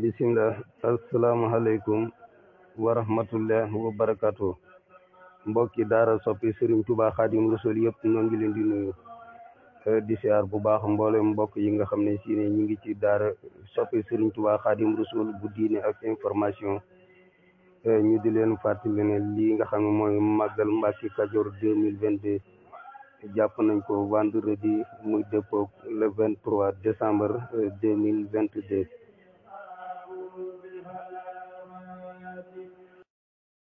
bisimilah asalaamaaleykum wa rahmatullah wa barakatu mbokki daara soppi sëriñ tubaa xaadim rasul yëpp ñoo ngi leen di nuyu eh, di siyaar bu baax mboolem mbokk yi nga xam ne si ne ñu ngi ci daara soppi sëriñ tubaa xaadim rasul bu diine ak information eh, ñu di leen fàttali ne lii nga mooy màggal Mbàkke Kajoor deux mille vingt deux jàpp nañ ko vendredi muy dëppoog le vingt trois décembre euh, deux mille vingt deux